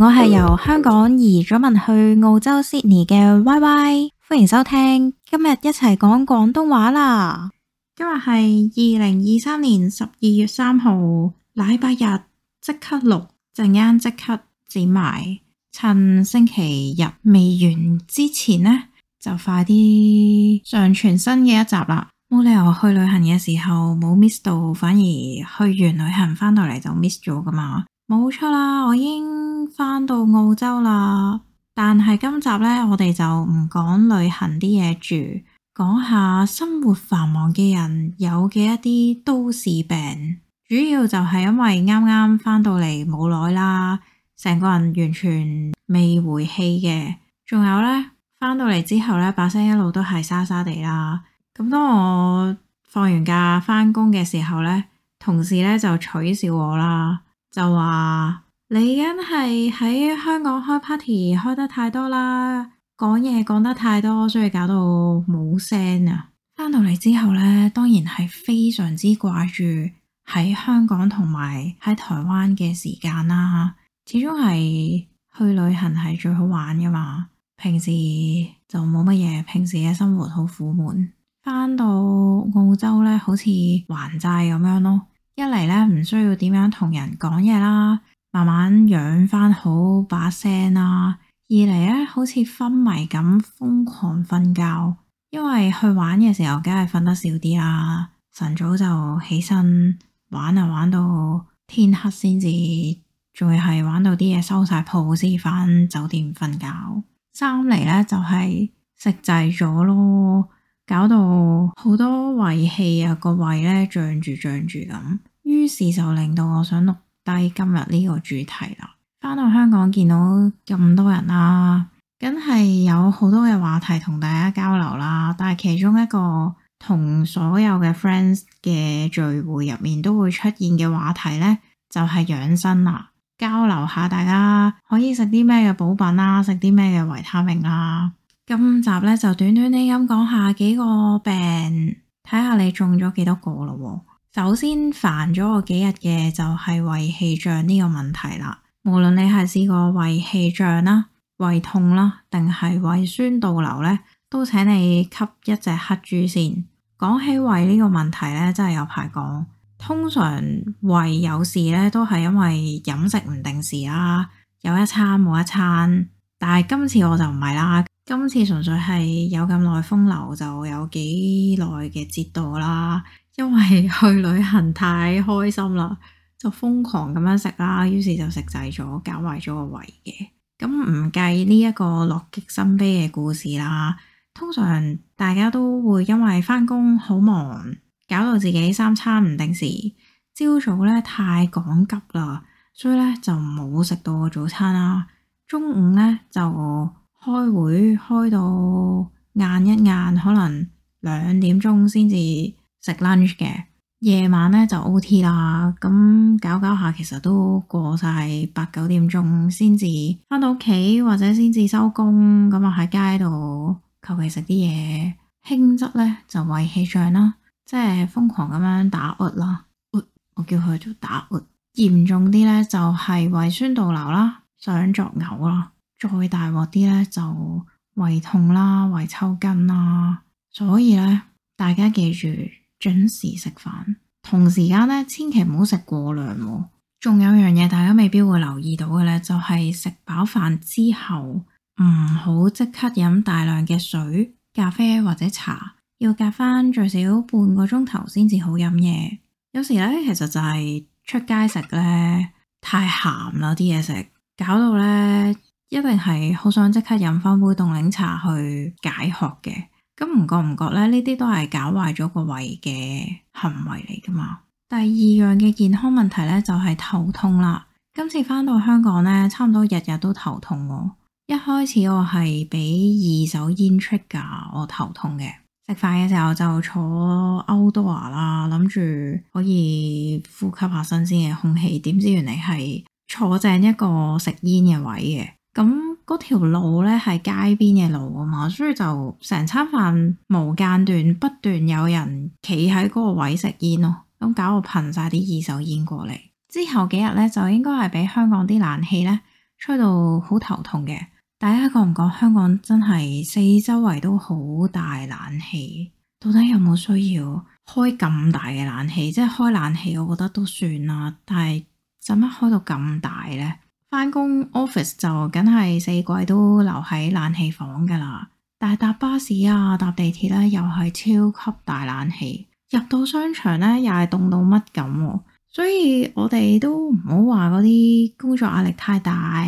我係由香港移咗民去澳洲悉尼嘅 Y Y，歡迎收聽，今日一齊講廣東話啦。今日係二零二三年十二月三號，禮拜日即刻錄，陣間即刻剪埋，趁星期日未完之前呢，就快啲上傳新嘅一集啦。冇理由去旅行嘅時候冇 miss 到，反而去完旅行翻到嚟就 miss 咗噶嘛。冇錯啦，我已經返到澳洲啦。但係今集呢，我哋就唔講旅行啲嘢住，講下生活繁忙嘅人有嘅一啲都市病。主要就係因為啱啱返到嚟冇耐啦，成個人完全未回氣嘅。仲有呢，返到嚟之後呢，把聲一路都係沙沙地啦。咁當我放完假返工嘅時候呢，同事呢就取笑我啦。就話你梗係喺香港開 party 開得太多啦，講嘢講得太多，所以搞到冇聲啊！翻到嚟之後呢，當然係非常之掛住喺香港同埋喺台灣嘅時間啦。始終係去旅行係最好玩㗎嘛，平時就冇乜嘢，平時嘅生活好苦悶。翻到澳洲呢，好似還債咁樣咯。一嚟咧，唔需要點樣同人講嘢啦，慢慢養翻好把聲啦。二嚟咧，好似昏迷咁瘋狂瞓覺，因為去玩嘅時候梗係瞓得少啲啊。晨早就起身玩啊，玩到天黑先至，仲係玩到啲嘢收晒鋪先翻酒店瞓覺。三嚟咧，就係食滯咗咯，搞到好多胃氣啊，個胃咧，脹住脹住咁。漲著漲著漲著。於是就令到我想錄低今日呢個主題啦。返到香港見到咁多人啦，梗係有好多嘅話題同大家交流啦。但係其中一個同所有嘅 friends 嘅聚會入面都會出現嘅話題呢，就係養生啦。交流下大家可以食啲咩嘅補品啦，食啲咩嘅維他命啦。今集呢，就短短哋咁講下幾個病，睇下你中咗幾多個咯。首先煩咗我幾日嘅就係胃氣脹呢個問題啦。無論你係試過胃氣脹啦、胃痛啦，定係胃酸倒流呢，都請你吸一隻黑豬先。講起胃呢個問題呢，真係有排講。通常胃有事呢，都係因為飲食唔定時啦，有一餐冇一餐。但係今次我就唔係啦，今次純粹係有咁耐風流，就有幾耐嘅折墮啦。因為去旅行太開心啦，就瘋狂咁樣食啦，於是就食滯咗，搞壞咗個胃嘅。咁唔計呢一個樂極生悲嘅故事啦，通常大家都會因為返工好忙，搞到自己三餐唔定時。朝早咧太趕急啦，所以咧就冇食到個早餐啦。中午咧就開會開到晏一晏，可能兩點鐘先至。食 lunch 嘅，夜晚咧就 OT 啦，咁搞搞下，其實都過晒八九點鐘先至翻到屋企，或者先至收工，咁啊喺街度求其食啲嘢。輕則咧就胃氣脹啦，即係瘋狂咁樣打 out 啦，out，我叫佢做打 out，嚴重啲咧就係胃酸倒流啦，想作嘔啦，再大鑊啲咧就胃痛啦，胃抽筋啦，所以咧大家記住。準時食飯，同時間咧，千祈唔好食過量啊。仲有樣嘢大家未必會留意到嘅咧，就係食飽飯之後唔好即刻飲大量嘅水、咖啡或者茶，要隔翻最少半個鐘頭先至好飲嘢。有時咧，其實就係出街食咧太鹹啦啲嘢食，搞到咧一定係好想即刻飲翻杯凍檸茶去解渴嘅。咁唔覺唔覺咧？呢啲都係搞壞咗個胃嘅行為嚟噶嘛。第二樣嘅健康問題呢，就係、是、頭痛啦。今次返到香港呢，差唔多日日都頭痛。一開始我係俾二手煙出噶，我頭痛嘅。食飯嘅時候就坐 outdoor 啦，諗住可以呼吸下新鮮嘅空氣，點知原嚟係坐正一個食煙嘅位嘅。咁、嗯嗰條路呢係街邊嘅路啊嘛，所以就成餐飯無間斷不斷有人企喺嗰個位食煙咯，咁搞到噴晒啲二手煙過嚟。之後幾日呢，就應該係俾香港啲冷氣呢吹到好頭痛嘅。大家覺唔覺香港真係四周圍都好大冷氣？到底有冇需要開咁大嘅冷氣？即係開冷氣，我覺得都算啦。但係怎麼開到咁大呢？翻工 office 就梗係四季都留喺冷氣房噶啦，但係搭巴士啊，搭地鐵咧又係超級大冷氣，入到商場咧又係凍到乜咁，所以我哋都唔好話嗰啲工作壓力太大，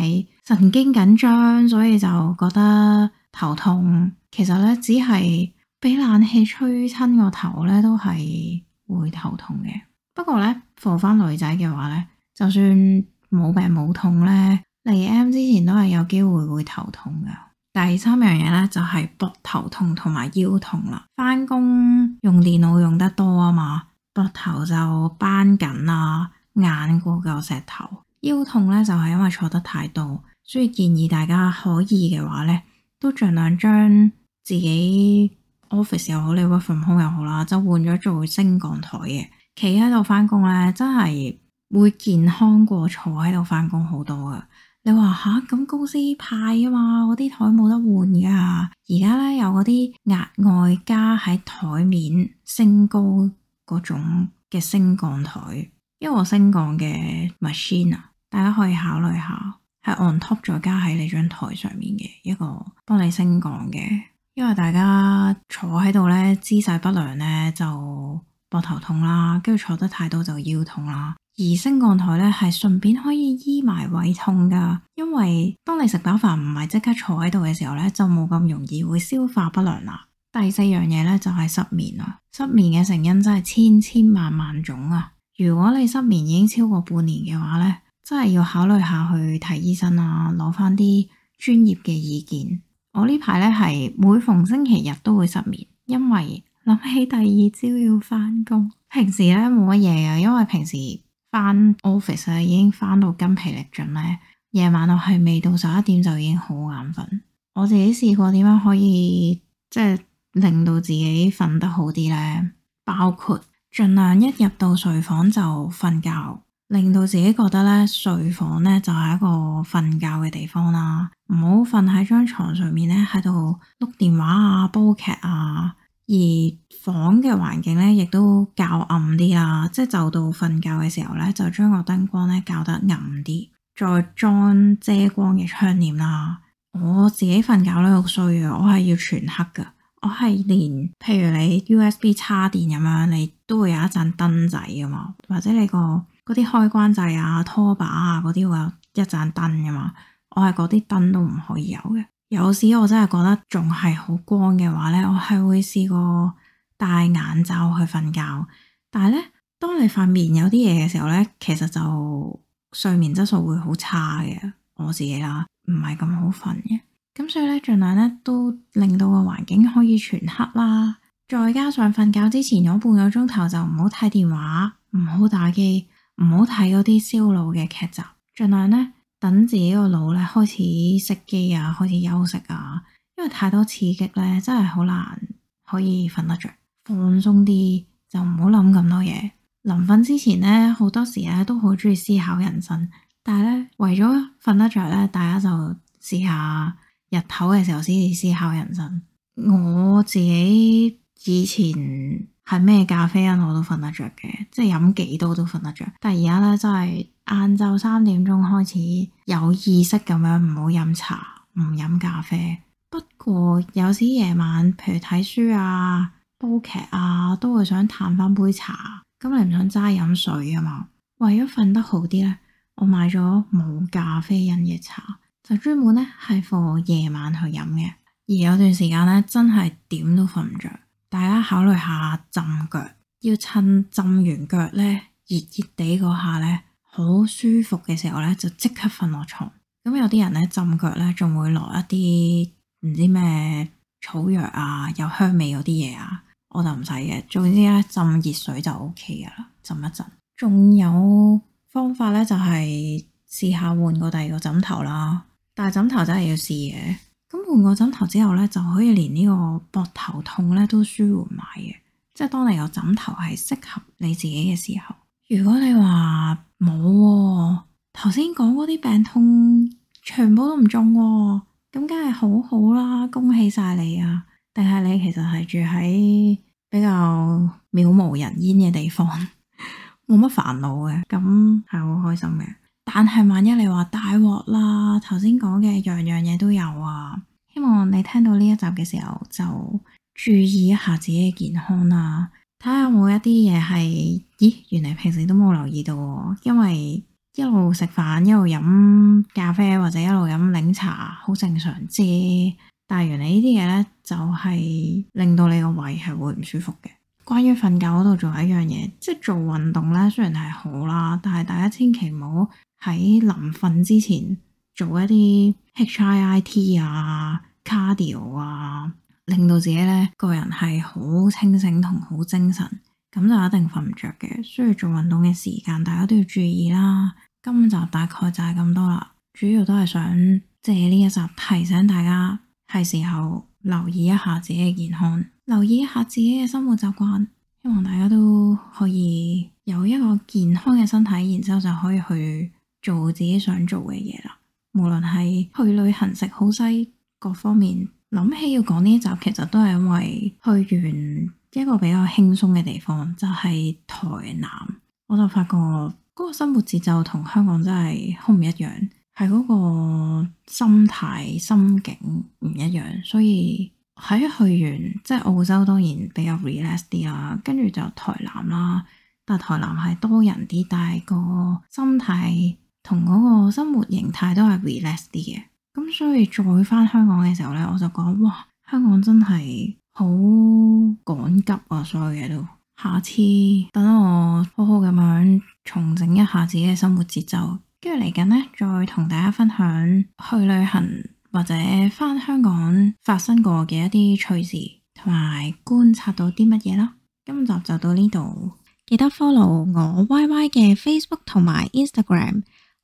神經緊張，所以就覺得頭痛。其實咧，只係俾冷氣吹親個頭咧，都係會頭痛嘅。不過咧，放翻女仔嘅話咧，就算。冇病冇痛呢，嚟 M 之前都係有機會會頭痛嘅。第三樣嘢呢，就係、是、膊頭痛同埋腰痛啦。翻工用電腦用得多啊嘛，膊頭就扳緊啦，啊，硬過嚿石頭。腰痛呢就係、是、因為坐得太多，所以建議大家可以嘅話呢，都儘量將自己 office 又好，你 work from home 又好啦，就換咗做升降台嘅。企喺度翻工呢，真係～會健康過坐喺度返工好多噶。你話吓，咁公司派啊嘛，嗰啲台冇得換噶。而家呢，有嗰啲額外加喺台面升高嗰種嘅升降台，一個升降嘅 machine 啊，大家可以考慮下，係 on top 再加喺你張台上面嘅一個幫你升降嘅。因為大家坐喺度呢，姿勢不良呢，就膊頭痛啦，跟住，坐得太多就腰痛啦。而升降台咧，係順便可以醫埋胃痛噶，因為當你食飽飯唔係即刻坐喺度嘅時候咧，就冇咁容易會消化不良啦。第四樣嘢咧就係、是、失眠啦，失眠嘅成因真係千千萬萬種啊。如果你失眠已經超過半年嘅話咧，真係要考慮下去睇醫生啊，攞翻啲專業嘅意見。我呢排咧係每逢星期日都會失眠，因為諗起第二朝要翻工，平時咧冇乜嘢啊，因為平時。翻 office 已經翻到筋疲力盡咧。夜晚我係未到十一點就已經好眼瞓。我自己試過點樣可以即係、就是、令到自己瞓得好啲咧，包括盡量一入到睡房就瞓覺，令到自己覺得咧睡房咧就係一個瞓覺嘅地方啦。唔好瞓喺張床上面咧，喺度碌電話啊、煲劇啊。而房嘅環境咧，亦都較暗啲啦。即係就到瞓覺嘅時候咧，就將個燈光咧較得暗啲，再裝遮光嘅窗簾啦。我自己瞓覺咧好衰啊，我係要全黑㗎。我係連譬如你 USB 插電咁樣，你都會有一盞燈仔㗎嘛，或者你個嗰啲開關掣啊、拖把啊嗰啲會有一盞燈㗎嘛。我係嗰啲燈都唔可以有嘅。有時我真係覺得仲係好光嘅話呢，我係會試過戴眼罩去瞓覺。但係呢，當你瞓眠有啲嘢嘅時候呢，其實就睡眠質素會好差嘅。我自己啦，唔係咁好瞓嘅。咁所以呢，盡量呢都令到個環境可以全黑啦。再加上瞓覺之前咗半個鐘頭就唔好睇電話，唔好打機，唔好睇嗰啲燒腦嘅劇集，盡量呢。等自己個腦咧開始熄機啊，開始休息啊，因為太多刺激咧，真係好難可以瞓得着，放鬆啲就唔好諗咁多嘢。臨瞓之前咧，好多時咧都好中意思考人生，但係咧為咗瞓得着咧，大家就試下日頭嘅時候先至思考人生。我自己以前，係咩咖啡因我都瞓得着嘅，即係飲幾多都瞓得着。但係而家咧，真係晏晝三點鐘開始有意識咁樣唔好飲茶，唔飲咖啡。不過有時夜晚，譬如睇書啊、煲劇啊，都會想嘆翻杯茶。咁你唔想齋飲水啊嘛？為咗瞓得好啲咧，我買咗冇咖啡因嘅茶，就專門咧係放我夜晚去飲嘅。而有段時間咧，真係點都瞓唔着。大家考慮下浸腳，要趁浸完腳咧熱熱地嗰下咧，好舒服嘅時候咧，就即刻瞓落床。咁有啲人咧浸腳咧，仲會落一啲唔知咩草藥啊，有香味嗰啲嘢啊，我就唔使嘅。總之咧浸熱水就 OK 噶啦，浸一浸。仲有方法咧就係試下換個第二個枕頭啦，但係枕頭真係要試嘅。咁換個枕頭之後咧，就可以連呢個膊頭痛咧都舒緩埋嘅。即係當你個枕頭係適合你自己嘅時候，如果你話冇，頭先講嗰啲病痛全部都唔中喎，咁梗係好好啦，恭喜晒你啊！定係你其實係住喺比較渺無人煙嘅地方，冇乜煩惱嘅，咁係好開心嘅。但係萬一你話大鑊啦，頭先講嘅樣樣嘢都有啊。希望你聽到呢一集嘅時候就注意一下自己嘅健康啦，啊，睇下有冇一啲嘢係，咦，原嚟平時都冇留意到，因為一路食飯一路飲咖啡或者一路飲檸茶，好正常啫。但係原嚟呢啲嘢呢，就係令到你個胃係會唔舒服嘅。關於瞓覺嗰度仲有一樣嘢，即係做運動呢，雖然係好啦，但係大家千祈唔好。喺臨瞓之前做一啲 HIIT 啊、cardio 啊、哦，令到自己呢個人係好清醒同好精神，咁就一定瞓唔着嘅。所以做運動嘅時間，大家都要注意啦。今集大概就係咁多啦，主要都係想借呢一集提醒大家，係時候留意一下自己嘅健康，留意一下自己嘅生活習慣，希望大家都可以有一個健康嘅身體，然之後就可以去。做自己想做嘅嘢啦，無論係去旅行食好西，各方面，諗起要講呢集，其實都係因為去完一個比較輕鬆嘅地方，就係台南。我就發覺嗰個生活節奏同香港真係好唔一樣，係嗰個心態心境唔一樣。所以喺去完即係澳洲當然比較 relax 啲啦，跟住就台南啦，但台南係多人啲，但係個心態。同嗰個生活形態都係 relax 啲嘅，咁所以再翻香港嘅時候呢，我就講哇，香港真係好趕急啊！所有嘢都，下次等我好好咁樣重整一下自己嘅生活節奏，跟住嚟緊呢，再同大家分享去旅行或者翻香港發生過嘅一啲趣事，同埋觀察到啲乜嘢啦。今集就到呢度，記得 follow 我 Y Y 嘅 Facebook 同埋 Instagram。